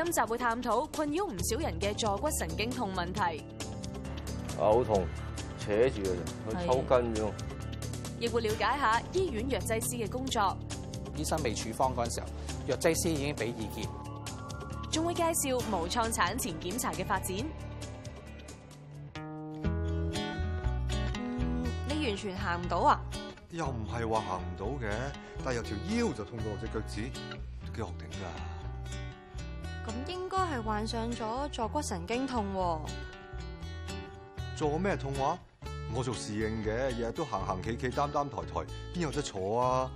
今集會探討困擾唔少人嘅坐骨神經痛問題。呃，好痛，扯住嘅人去抽筋咗。亦會了解下醫院藥劑師嘅工作，醫生未處方嗰陣時候，藥劑師已經俾意見。仲會介紹無創產前檢查嘅發展。嗯。你完全行唔到啊？又唔係話行唔到嘅，但係有條腰就痛到我隻腳趾，幾難頂噶。咁應該係患上咗坐骨神經痛喎。坐咩痛話？我做侍應嘅，日日都行行企企擔擔抬抬，邊有得坐啊？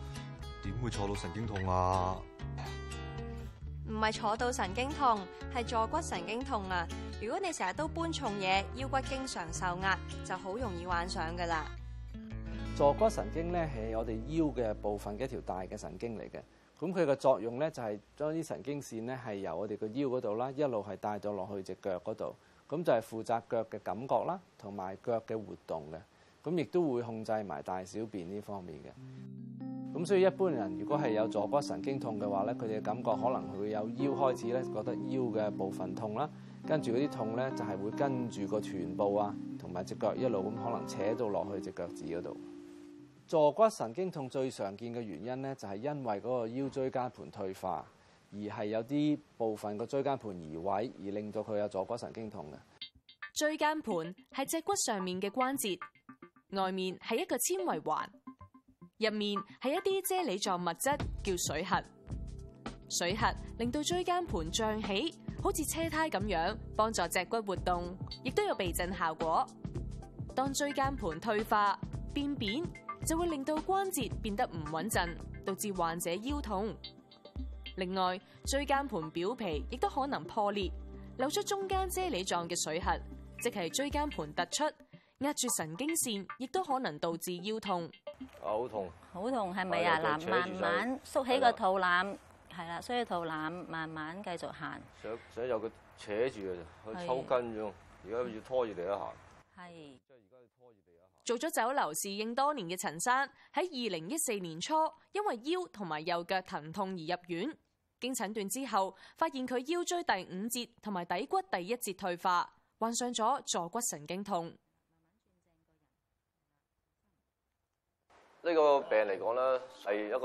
點會坐到神經痛啊？唔係坐到神經痛，係坐骨神經痛啊！如果你成日都搬重嘢，腰骨經常受壓，就好容易患上噶啦。坐骨神經咧係我哋腰嘅部，部分嘅一條大嘅神經嚟嘅。咁佢嘅作用咧，就係將啲神經線咧，係由我哋個腰嗰度啦，一路係帶到落去隻腳嗰度。咁就係負責腳嘅感覺啦，同埋腳嘅活動嘅。咁亦都會控制埋大小便呢方面嘅。咁所以一般人如果係有坐骨神經痛嘅話咧，佢哋嘅感覺可能會有腰開始咧，覺得腰嘅部分痛啦，跟住嗰啲痛咧就係會跟住個臀部啊，同埋隻腳一路咁可能扯到落去隻腳趾嗰度。坐骨神經痛最常見嘅原因咧，就係因為嗰個腰椎間盤退化，而係有啲部分嘅椎間盤移位，而令到佢有坐骨神經痛嘅。椎間盤係脊骨上面嘅關節，外面係一個纖維環，入面係一啲啫喱狀物質叫水核。水核令到椎間盤脹起，好似車胎咁樣，幫助脊骨活動，亦都有避震效果。當椎間盤退化、變扁，就會令到關節變得唔穩陣，導致患者腰痛。另外，椎間盤表皮亦都可能破裂，流出中間啫喱狀嘅水核，即係椎間盤突出，壓住神經線，亦都可能導致腰痛。好痛！好痛係咪啊？嗱，慢慢縮起個肚腩，係啦，所以肚腩慢慢繼續行。想想有佢扯住啊，去抽筋咁，而家要拖住嚟一行。係。做咗酒樓侍應多年嘅陳生喺二零一四年初，因為腰同埋右腳疼痛而入院，經診斷之後發現佢腰椎第五節同埋骶骨第一節退化，患上咗坐骨神經痛。呢個病嚟講呢係一個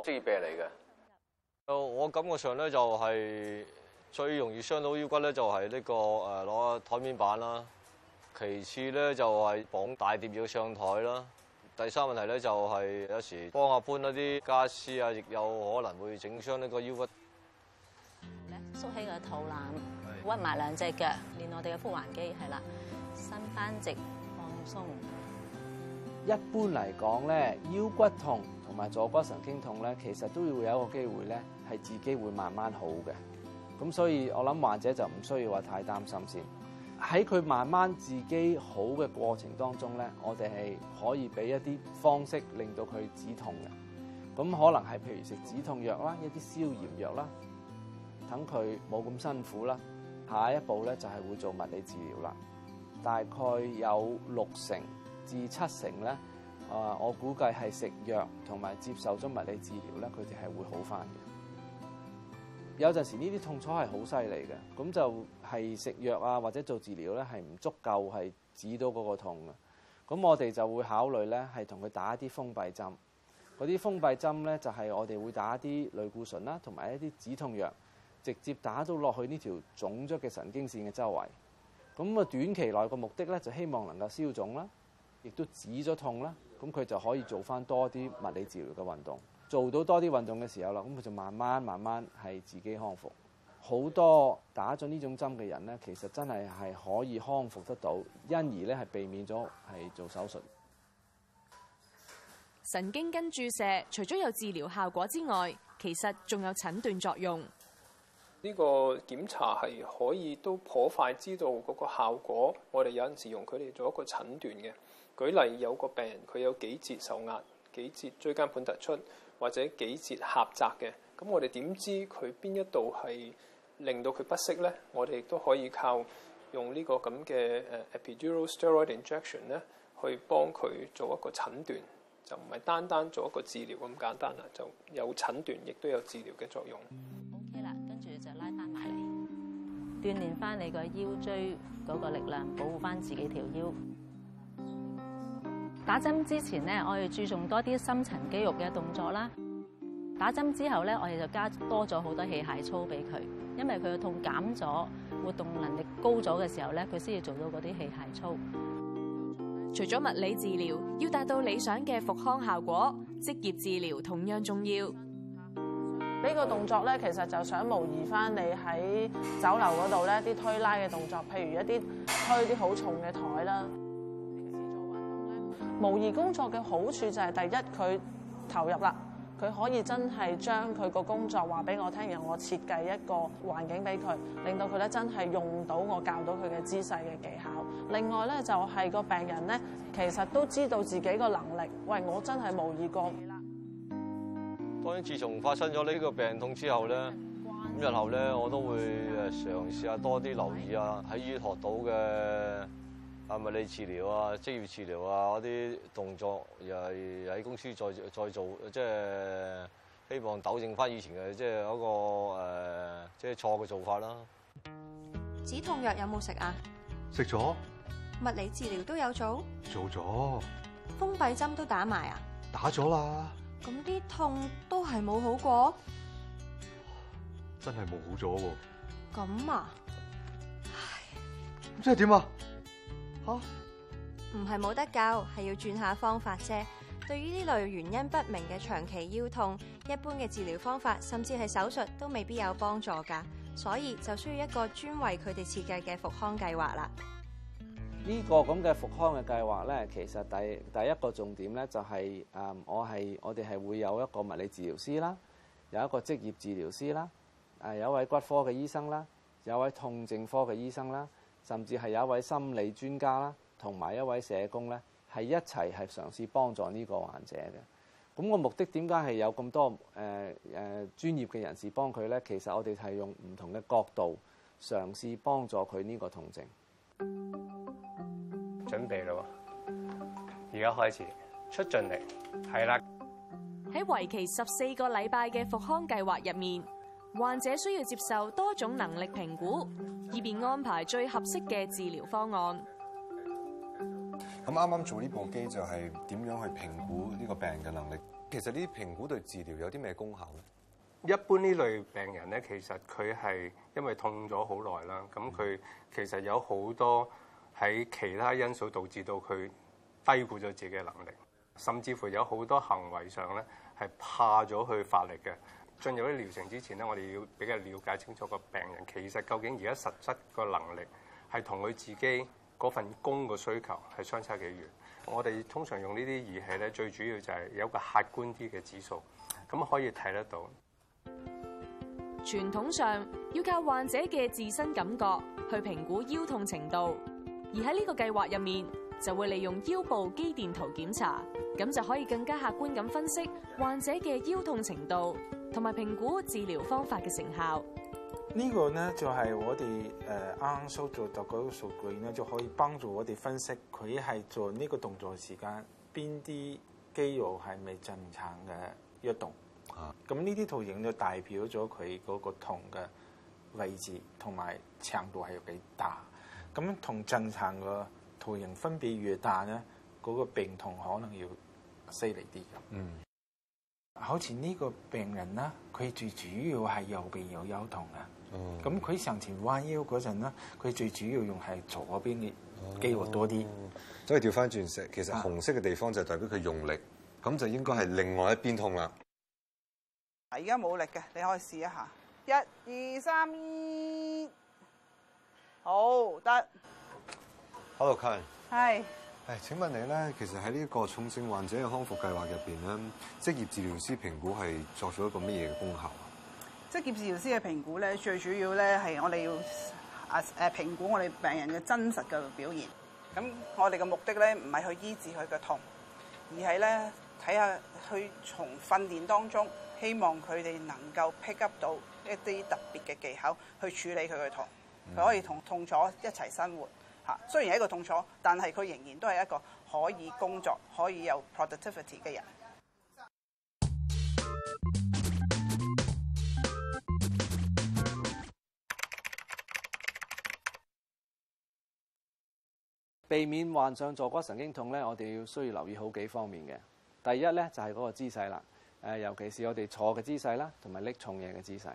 職業病嚟嘅。我感覺上呢，就係最容易傷到腰骨呢就係呢個誒攞枱面板啦。其次咧就係綁大碟要上枱啦，第三問題咧就係有時幫我搬一啲家俬啊，亦有可能會整傷呢個腰骨。縮起個肚腩，屈埋兩隻腳，練我哋嘅腹橫肌，係啦，伸翻直，放鬆。一般嚟講咧，腰骨痛同埋坐骨神經痛咧，其實都會有一個機會咧，係自己會慢慢好嘅。咁所以，我諗患者就唔需要話太擔心先。喺佢慢慢自己好嘅過程當中咧，我哋係可以俾一啲方式令到佢止痛嘅。咁可能係譬如食止痛藥啦，一啲消炎藥啦，等佢冇咁辛苦啦。下一步咧就係會做物理治療啦。大概有六成至七成咧，啊，我估計係食藥同埋接受咗物理治療咧，佢哋係會好返嘅。有陣時呢啲痛楚係好犀利嘅，咁就，係食藥啊，或者做治療呢，係唔足夠係止到嗰個痛嘅。咁我哋就會考慮呢，係同佢打一啲封閉針。嗰啲封閉針呢，就係我哋會打啲類固醇啦，同埋一啲止痛藥，直接打到落去呢條腫咗嘅神經線嘅周圍。咁啊，短期內個目的呢，就希望能夠消腫啦，亦都止咗痛啦。咁佢就可以做翻多啲物理治療嘅運動。做到多啲運動嘅時候啦，咁佢就慢慢慢慢係自己康復。好多打咗呢種針嘅人咧，其實真係係可以康復得到，因而咧係避免咗係做手術。神經根注射除咗有治療效果之外，其實仲有診斷作用。呢個檢查係可以都頗快知道嗰個效果。我哋有陣時用佢嚟做一個診斷嘅。舉例有個病人，佢有幾節受壓、幾節椎間盤突出或者幾節狹窄嘅。咁我哋點知佢邊一度係？令到佢不適咧，我哋亦都可以靠用呢個咁嘅誒 epidural steroid injection 咧，去幫佢做一個診斷，就唔係單單做一個治療咁簡單啦，就有診斷亦都有治療嘅作用。OK 啦，跟住就拉翻埋嚟，鍛煉翻你個腰椎嗰個力量，保護翻自己條腰。打針之前咧，我哋注重多啲深層肌肉嘅動作啦。打針之後咧，我哋就加多咗好多器械操俾佢，因為佢嘅痛減咗，活動能力高咗嘅時候咧，佢先至做到嗰啲器械操。除咗物理治療，要達到理想嘅復康效果，職業治療同樣重要。呢、這個動作咧，其實就想模擬翻你喺酒樓嗰度咧啲推拉嘅動作，譬如一啲推啲好重嘅台啦。平時做運動咧，模擬工作嘅好處就係第一，佢投入啦。佢可以真係將佢個工作話俾我聽，然後我設計一個環境俾佢，令到佢咧真係用到我教到佢嘅姿勢嘅技巧。另外咧就係個病人咧，其實都知道自己個能力。喂，我真係無意過。當然，自從發生咗呢個病痛之後咧，咁日後咧我都會誒嘗試下多啲留意啊，喺醫學度嘅。物理治療啊，職業治療啊，嗰啲動作又係喺公司再再做，即係希望糾正翻以前嘅、即係、那、嗰個、呃、即係錯嘅做法啦。止痛藥有冇食啊？食咗。物理治療都有做？做咗。封閉針都打埋啊？打咗啦。咁啲痛都係冇好過？哦、真係冇好咗喎。咁啊？咁即係點啊？哦、oh，唔係冇得救，係要轉下方法啫。對於呢類原因不明嘅長期腰痛，一般嘅治療方法甚至係手術都未必有幫助噶，所以就需要一個專為佢哋設計嘅復康計劃啦。呢、這個咁嘅復康嘅計劃咧，其實第第一個重點咧就係、是、誒，我係我哋係會有一個物理治療師啦，有一個職業治療師啦，誒，有一位骨科嘅醫生啦，有一位痛症科嘅醫生啦。甚至係有一位心理專家啦，同埋一位社工咧，係一齊係嘗試幫助呢個患者嘅。咁個目的點解係有咁多誒誒、呃呃、專業嘅人士幫佢咧？其實我哋係用唔同嘅角度嘗試幫助佢呢個痛症。準備咯，而家開始出盡力係啦。喺為期十四個禮拜嘅復康計劃入面，患者需要接受多種能力評估。以便安排最合適嘅治療方案。咁啱啱做呢部機就係點樣去評估呢個病人嘅能力？其實呢啲評估對治療有啲咩功效咧？一般呢類病人咧，其實佢係因為痛咗好耐啦，咁佢其實有好多喺其他因素導致到佢低估咗自己嘅能力，甚至乎有好多行為上咧係怕咗去發力嘅。進入啲療程之前咧，我哋要比較了解清楚個病人其實究竟而家實質個能力係同佢自己嗰份工個需求係相差幾遠。我哋通常用這些呢啲儀器咧，最主要就係有個客觀啲嘅指數，咁可以睇得到。傳統上要靠患者嘅自身感覺去評估腰痛程度，而喺呢個計劃入面就會利用腰部肌電圖檢查，咁就可以更加客觀咁分析患者嘅腰痛程度。同埋評估治療方法嘅成效，呢、這個呢就係、是、我哋誒啱啱所做到嗰個數據呢，就可以幫助我哋分析佢係做呢個動作時間邊啲肌肉係咪正常嘅躍動。啊，咁呢啲圖形就代表咗佢嗰個痛嘅位置同埋強度係有幾大。咁同正常嘅圖形分別越大呢，嗰、那個病痛可能要犀利啲嘅。嗯。好似呢個病人啦，佢最主要係右邊有腰痛嘅。咁佢上前彎腰嗰陣咧，佢最主要用係左邊嘅肌肉多啲，哦。所以調翻轉色，其實紅色嘅地方就代表佢用力，咁、啊、就應該係另外一邊痛啦。而家冇力嘅，你可以試一下。一、二、三，好得。好，落去。Hello, Hi。誒，請問你咧，其實喺呢個重症患者嘅康復計劃入邊咧，職業治療師評估係作咗一個乜嘢嘅功效啊？即係職業治療師嘅評估咧，最主要咧係我哋要啊誒評估我哋病人嘅真實嘅表現。咁我哋嘅目的咧唔係去醫治佢嘅痛，而係咧睇下去從訓練當中，希望佢哋能夠 pick up 到一啲特別嘅技巧去處理佢嘅痛，佢、嗯、可以同痛楚一齊生活。雖然係一個痛楚，但係佢仍然都係一個可以工作、可以有 productivity 嘅人。避免患上坐骨神經痛咧，我哋要需要留意好幾方面嘅。第一咧就係嗰個姿勢啦，誒尤其是我哋坐嘅姿勢啦，同埋拎重嘢嘅姿勢。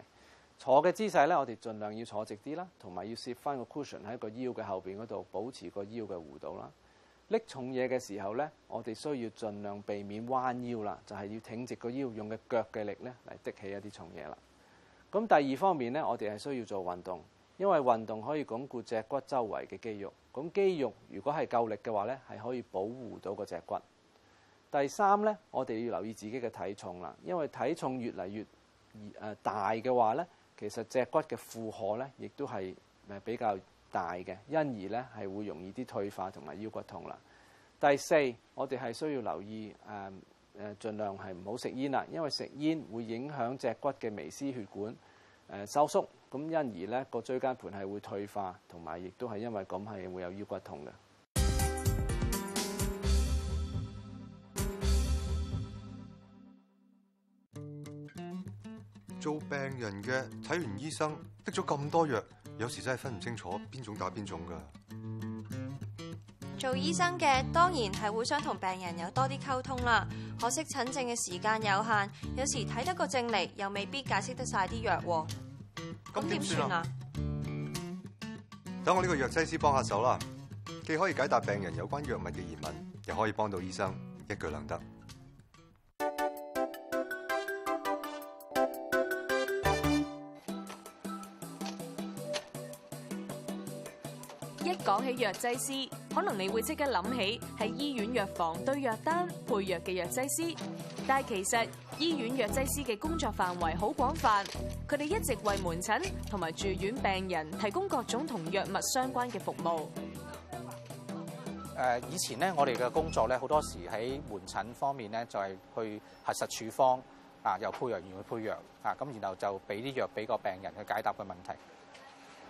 坐嘅姿勢呢，我哋儘量要坐直啲啦，同埋要攝翻個 cushion 喺個腰嘅後邊嗰度，保持個腰嘅弧度啦。拎重嘢嘅時候呢，我哋需要儘量避免彎腰啦，就係要挺直個腰，用嘅腳嘅力呢嚟拎起一啲重嘢啦。咁第二方面呢，我哋係需要做運動，因為運動可以鞏固脊骨周圍嘅肌肉。咁肌肉如果係夠力嘅話呢，係可以保護到個脊骨。第三呢，我哋要留意自己嘅體重啦，因為體重越嚟越大嘅話呢。其實脊骨嘅負荷呢，亦都係誒比較大嘅，因而呢係會容易啲退化同埋腰骨痛啦。第四，我哋係需要留意誒誒，嗯、盡量係唔好食煙啦，因為食煙會影響脊骨嘅微絲血管收縮，咁、呃、因而呢，個椎間盤係會退化，同埋亦都係因為咁係會有腰骨痛嘅。做病人嘅睇完醫生，滴咗咁多藥，有時真係分唔清楚邊種打邊種噶。做醫生嘅當然係會想同病人有多啲溝通啦。可惜診症嘅時間有限，有時睇得個症嚟，又未必解釋得晒啲藥。咁點算啊？等、嗯、我呢個藥劑師幫下手啦，既可以解答病人有關藥物嘅疑問，又可以幫到醫生，一舉兩得。講起藥劑師，可能你會即刻諗起喺醫院藥房對藥單配藥嘅藥劑師，但係其實醫院藥劑師嘅工作範圍好廣泛，佢哋一直為門診同埋住院病人提供各種同藥物相關嘅服務。誒，以前咧我哋嘅工作咧好多時喺門診方面咧就係去核實處方啊，由配藥員去配藥啊，咁然後就俾啲藥俾個病人去解答佢問題。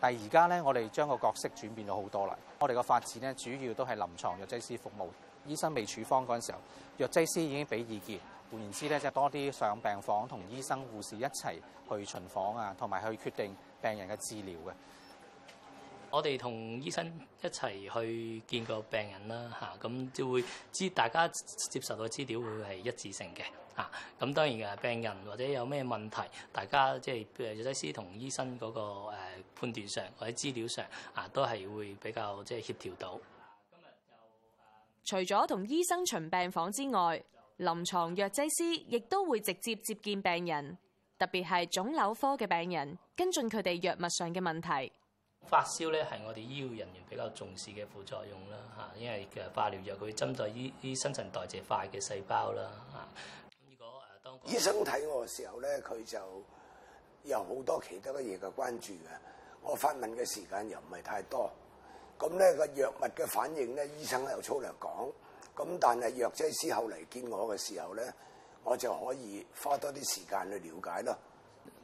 但係而家咧，我哋將個角色轉變咗好多啦。我哋嘅發展咧，主要都係臨床藥劑師服務。醫生未處方嗰陣時候，藥劑師已經俾意見，換言之咧，就多啲上病房同醫生、護士一齊去巡房啊，同埋去決定病人嘅治療嘅。我哋同醫生一齊去見個病人啦，嚇咁就會知大家接受到資料會係一致性嘅。嚇咁當然誒，病人或者有咩問題，大家即係藥劑師同醫生嗰個誒判斷上或者資料上啊都係會比較即係協調到。除咗同醫生巡病房之外，臨床藥劑師亦都會直接接見病人，特別係腫瘤科嘅病人，跟進佢哋藥物上嘅問題。發燒咧係我哋醫護人員比較重視嘅副作用啦嚇，因為其實化療藥佢針對於啲新陳代謝快嘅細胞啦嚇、那個。醫生睇我嘅時候咧，佢就有好多其他嘅嘢嘅關注嘅。我發問嘅時間又唔係太多，咁、那、咧個藥物嘅反應咧，醫生又粗略講。咁但係藥劑師後嚟見我嘅時候咧，我就可以花多啲時間去了解咯。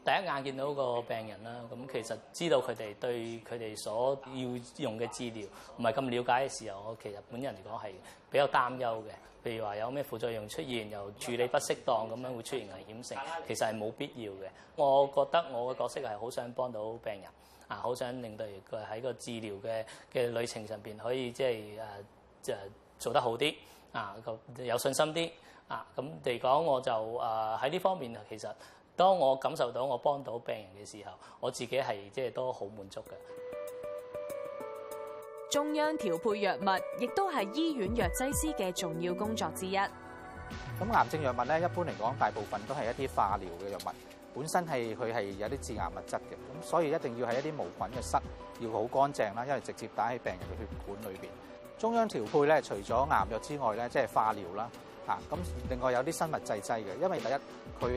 第一眼見到個病人啦，咁其實知道佢哋對佢哋所要用嘅治療唔係咁了解嘅時候，我其實本人嚟講係比較擔憂嘅。譬如話有咩副作用出現，又處理不適當咁樣會出現危險性，其實係冇必要嘅。我覺得我嘅角色係好想幫到病人，啊，好想令到佢喺個治療嘅嘅旅程上邊可以即係誒就做得好啲，啊、呃，咁有信心啲，啊、呃，咁嚟講我就誒喺呢方面其實。當我感受到我幫到病人嘅時候，我自己係即係都好滿足嘅。中央調配藥物，亦都係醫院藥劑師嘅重要工作之一。咁癌症藥物咧，一般嚟講，大部分都係一啲化療嘅藥物，本身係佢係有啲致癌物質嘅，咁所以一定要喺一啲無菌嘅室，要好乾淨啦，因為直接打喺病人嘅血管裏面。中央調配咧，除咗癌藥之外咧，即係化療啦。咁另外有啲生物製劑嘅，因為第一佢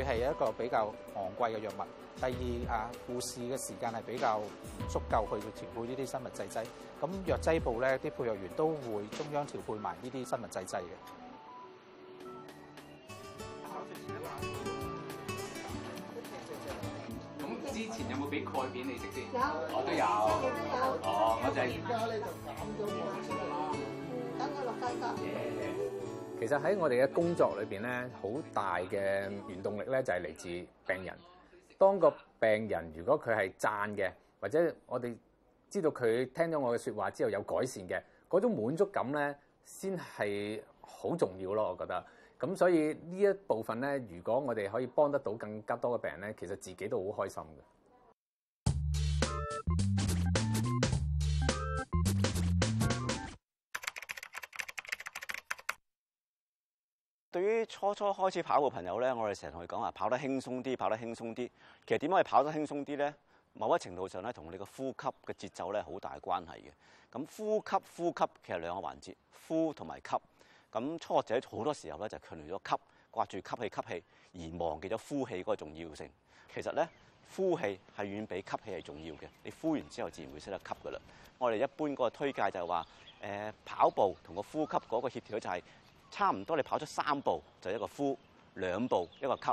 係一個比較昂貴嘅藥物，第二，啊護士嘅時間係比較足夠去調配呢啲生物製劑。咁藥劑部咧，啲配藥員都會中央調配埋呢啲生物製劑嘅。咁之前有冇俾鈣片你食先？有，我、oh, 都有。哦、嗯 oh, oh,，我就而家咧就減咗冇出其實喺我哋嘅工作裏面，呢好大嘅原動力呢就係嚟自病人。當個病人如果佢係讚嘅，或者我哋知道佢聽咗我嘅說話之後有改善嘅，嗰種滿足感呢先係好重要咯。我覺得咁，所以呢一部分呢，如果我哋可以幫得到更加多嘅病人呢，其實自己都好開心嘅。對於初初開始跑步的朋友咧，我哋成日同佢講話跑得輕鬆啲，跑得輕鬆啲。其實點解可以跑得輕鬆啲咧？某一程度上咧，同你個呼吸嘅節奏咧，好大關係嘅。咁呼吸呼吸，其實兩個環節，呼同埋吸。咁初學者好多時候咧，就強調咗吸，掛住吸氣吸氣，而忘記咗呼氣嗰個重要性。其實咧，呼氣係遠比吸氣係重要嘅。你呼完之後，自然會識得吸噶啦。我哋一般個推介就係話，誒、呃，跑步同個呼吸嗰個協調就係。差唔多你跑出三步就係一個呼，兩步一個吸，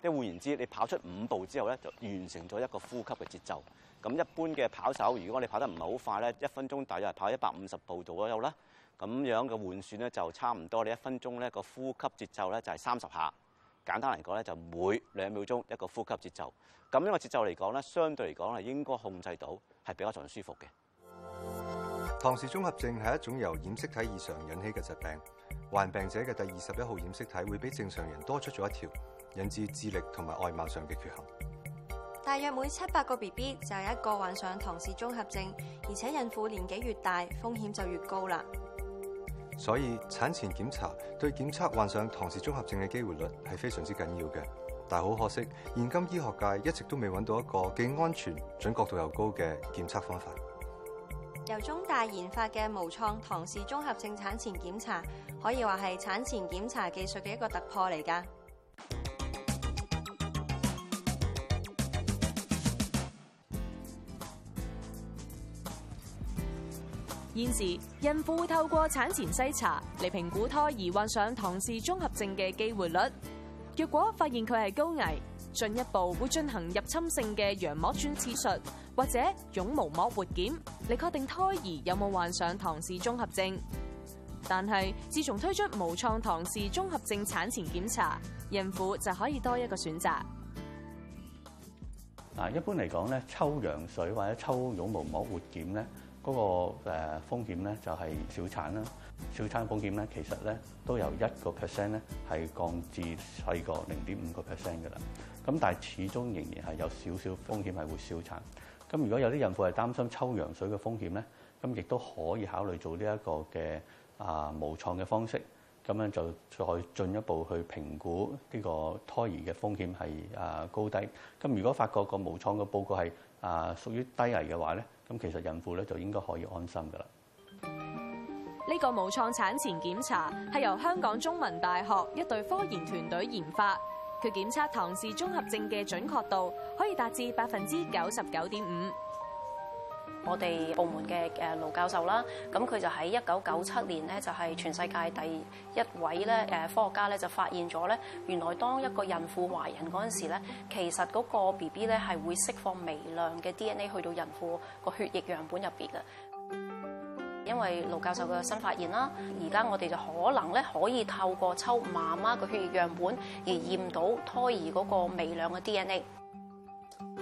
即換言之，你跑出五步之後，咧，就完成咗一個呼吸嘅節奏。咁一般嘅跑手，如果你跑得唔係好快咧，一分鐘大約係跑一百五十步度左右啦。咁樣嘅換算咧，就差唔多你一分鐘咧個呼吸節奏咧就係三十下。簡單嚟講咧，就每兩秒鐘一個呼吸節奏。咁呢個節奏嚟講咧，相對嚟講係應該控制到係比較上舒服嘅。唐氏綜合症係一種由染色體異常引起嘅疾病。患病者嘅第二十一號染色體會比正常人多出咗一條，引致智力同埋外貌上嘅缺陷。大約每七百個 BB 就有一個患上唐氏綜合症，而且孕婦年紀越大，風險就越高啦。所以產前檢查對檢測患上唐氏綜合症嘅機會率係非常之緊要嘅，但好可惜，現今醫學界一直都未揾到一個既安全、準確度又高嘅檢測方法。由中大研發嘅無創唐氏綜合症產前檢查，可以話係產前檢查技術嘅一個突破嚟㗎。現時，孕婦透過產前篩查嚟評估胎兒患上唐氏綜合症嘅機會率。若果發現佢係高危，進一步會進行入侵性嘅羊膜穿刺術。或者絨毛膜活檢你確定胎兒有冇患上唐氏綜合症，但係自從推出無創唐氏綜合症產前檢查，孕婦就可以多一個選擇。嗱，一般嚟講咧，抽羊水或者抽絨毛膜活檢咧，嗰個誒風險咧就係小產啦。小產風險咧，其實咧都由一個 percent 咧係降至細個零點五個 percent 噶啦。咁但係始終仍然係有少少風險係會小產。咁如果有啲孕婦係擔心抽羊水嘅風險咧，咁亦都可以考慮做呢一個嘅啊無創嘅方式，咁樣就再進一步去評估呢個胎兒嘅風險係啊高低。咁如果發覺個無創嘅報告係啊屬於低危嘅話咧，咁其實孕婦咧就應該可以安心㗎喇。呢個無創產前檢查係由香港中文大學一隊科研團隊研發。佢檢測唐氏綜合症嘅準確度可以達至百分之九十九點五。我哋部門嘅誒盧教授啦，咁佢就喺一九九七年咧，就係全世界第一位咧誒科學家咧，就發現咗咧，原來當一個孕婦懷孕嗰陣時咧，其實嗰個 B B 咧係會釋放微量嘅 D N A 去到孕婦個血液樣本入邊嘅。因為盧教授嘅新發現啦，而家我哋就可能咧可以透過抽媽媽嘅血液樣本而驗到胎兒嗰個微量嘅 DNA。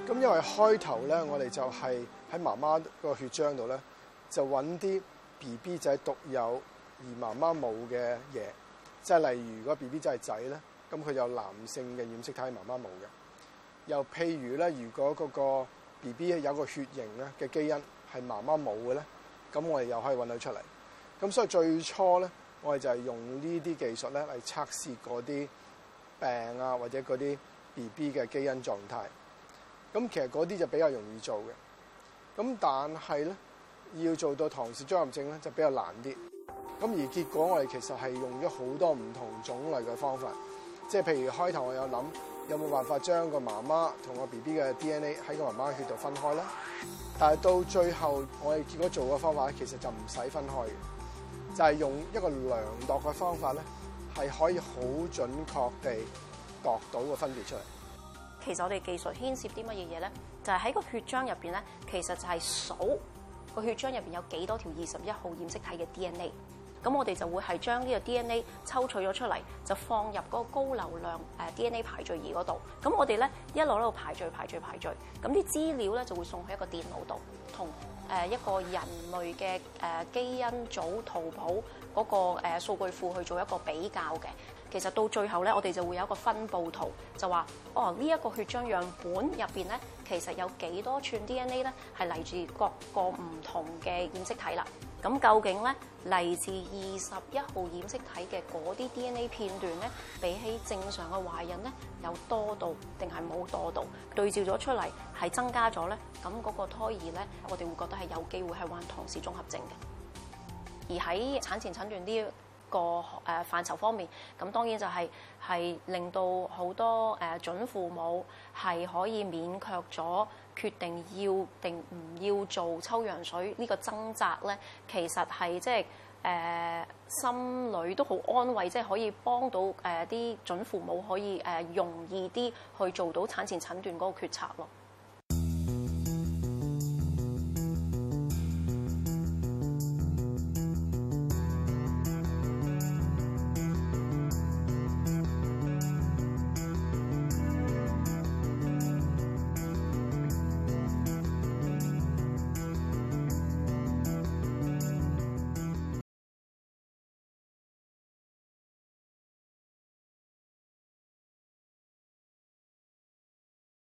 咁因為開頭咧，我哋就係喺媽媽個血漿度咧，就揾啲 B B 仔獨有而媽媽冇嘅嘢，即係例如如果 B B 仔係仔咧，咁佢有男性嘅染色體係媽媽冇嘅。又譬如咧，如果嗰個 B B 有個血型咧嘅基因係媽媽冇嘅咧。咁我哋又可以搵到出嚟，咁所以最初咧，我哋就係用呢啲技術咧嚟測試嗰啲病啊，或者嗰啲 BB 嘅基因狀態。咁其實嗰啲就比較容易做嘅，咁但係咧要做到唐氏綜合症咧就比較難啲。咁而結果我哋其實係用咗好多唔同種類嘅方法。即係譬如開頭我有諗，有冇辦法將個媽媽同個 B B 嘅 D N A 喺個媽媽嘅血度分開咧？但係到最後我哋結果做嘅方法其實就唔使分開嘅，就係用一個量度嘅方法咧，係可以好準確地度到個分別出嚟。其實我哋技術牽涉啲乜嘢嘢咧？就係喺個血漿入邊咧，其實就係數個血漿入邊有幾多條二十一號染色體嘅 D N A。咁我哋就會係將呢個 DNA 抽取咗出嚟，就放入嗰個高流量呃 DNA 排序儀嗰度。咁我哋咧一路喺度排序、排序、排序，咁啲資料咧就會送去一個電腦度，同呃一個人類嘅、呃、基因組圖譜嗰、那個、呃、數數據庫去做一個比較嘅。其實到最後咧，我哋就會有一個分佈圖，就話哦呢一、這個血漿樣本入面咧，其實有幾多串 DNA 咧係嚟自各個唔同嘅染色體啦。咁究竟咧，嚟自二十一號染色體嘅嗰啲 DNA 片段咧，比起正常嘅懷孕咧，有多到定係冇多到？對照咗出嚟係增加咗咧，咁嗰個胎兒咧，我哋會覺得係有機會係患唐氏綜合症嘅。而喺產前診斷呢個誒範疇方面，咁當然就係、係、係令到好多誒準父母係可以勉強咗。決定要定唔要做抽羊水，這個掙呢個掙扎咧，其實係即係誒心裏都好安慰，即、就、係、是、可以幫到誒啲、呃、準父母可以誒、呃、容易啲去做到產前診斷嗰個決策咯。